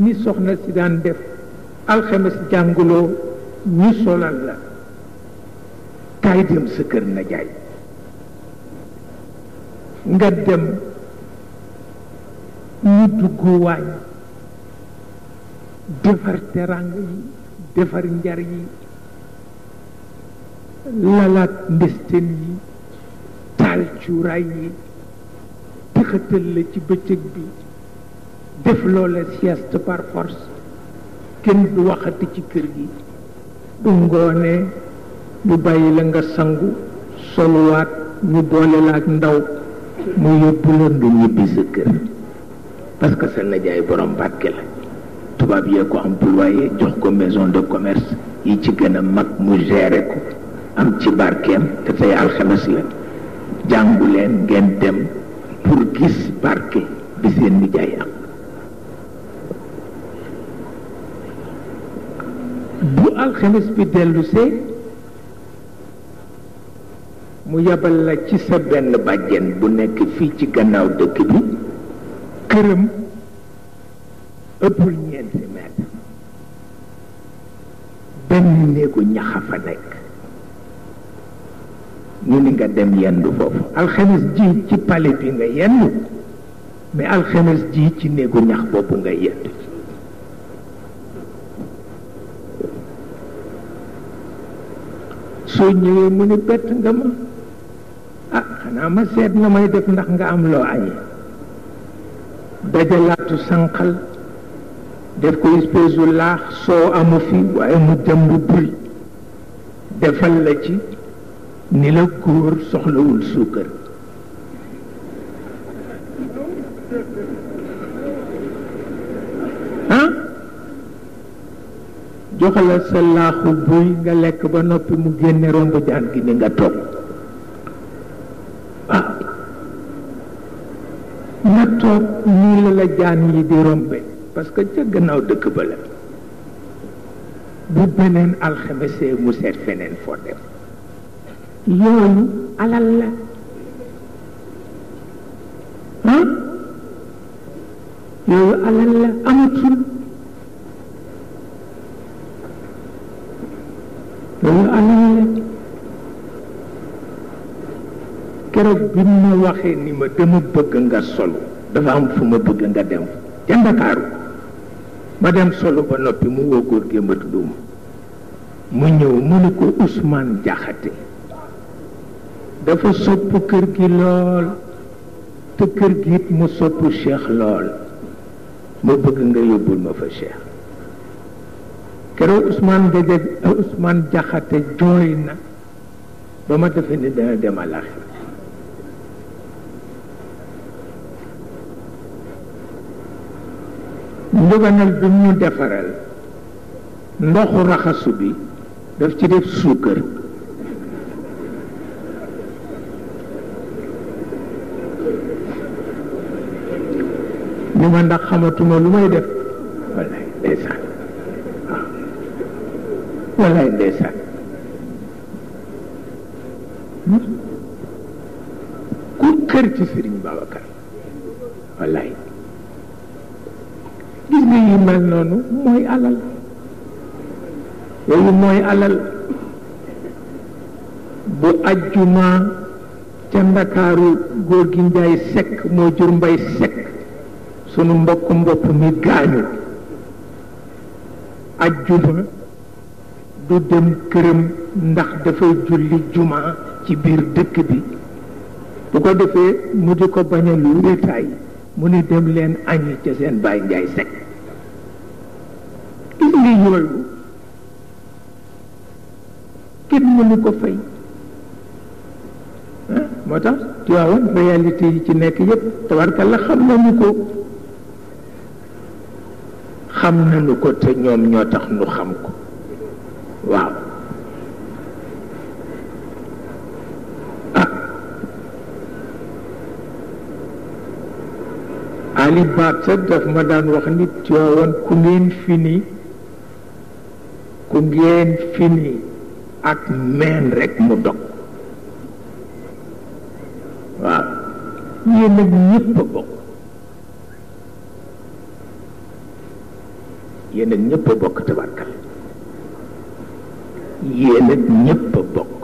ni soxna si daan def alxames jànguloo ñu solal la kaay dem sa kër na jaay nga dem ñu dugg waañ defar terang yi defar njar yi lalaat ndesten yi taal cuuraay yi taxatal la ci bëccëg bi def loola sieste par force kenn du waxati ci kër gi du ngoonee bu bàyyi la nga sangu soluwaat ñu boole la ak ndaw mu yóbbu la nga ñibbi sa kër parce que sa najaay borom barke la tubaab yee ko employé jox ko maison de commerce yi ci gën a mag mu géré ko am ci barkeem te tey alxames la jàngu leen dem pour gis barke bi seen nijaay am khamis bi delu se mu yabal la ci sa ben bàjjen bu nek fi ci gannaaw dekk bi këram ëppul ñeenti mètre benn néegu ñaxa fa nekk ñu ni nga dem yendu foofu ji ci pale bi nga yendu mais ji ci néegu ñax boobu nga yendu ci soo ñëwee mu ni bett nga ma ah xanaa ma seet na may def ndax nga am loo aye dajalaatu sanqal def ko espèce laax soo amu fi waaye mu jëmb buri defal la ci ni la góor soxlawul suukar joxala sa laaxu buy nga lekk ba noppi mu génne romb jaan gi ni nga toog ah. nga toog nii la la jaan yi di rombe parce que ca gannaaw dëkk ba la bu beneen alxemesee mu seet feneen foo dem yooyu alal la ah hmm? yooyu alal la loolu anañu la ma waxee ni ma dama bëgg nga solu dafa am fu ma bëgg nga dem ca Ndakaaru ma dem solu ba noppi mu woo góor gee ma mu ñëw mu ne ko Ousmane Jaxate dafa sopp kër gi lool te kër gi it mu sopp Cheikh lool ma bëgg nga yóbbul ma fa Cheikh keroog Ousmane Gajag Jaxate jooy na ba ma defe ni dana dem àlaxira bi mu defaral ndoxu raxasu bi daf ci def suukar ni ma ndax xamatuma lu may def walla ndeysaan wallaay ndeysaan hmm? ku kër ci sëriñ Babacar wallaay gis nga yi mel noonu mooy alal yooyu mooy alal bu ajjuma ca ndakaaru góor gi njaay sekk moo jur mbay sekk sunu mbokk mbopp mi gaañu ajjuma du dem këram ndax dafay julli jumaa ci biir dëkk bi bu ko defee mu di ko bañ a lu wéetaay mu ni dem leen añi ca seen baay njaay sekk gis nga yooyu kenn mënu ko fay ah, moo tax Tiwaawan réalité yi ci nekk yépp la xam nañu ko xam nañu ko te ñoom ñoo tax nu xam ko ali baat sa daf ma daan wax nit yoowoon ku ngeen fini ku ngeen fini ak meen rek mu dog waaw yéen nag ñëpp a bokk yéen nag ñëpp a bokk tabarkal yéen nag ñëpp a bokk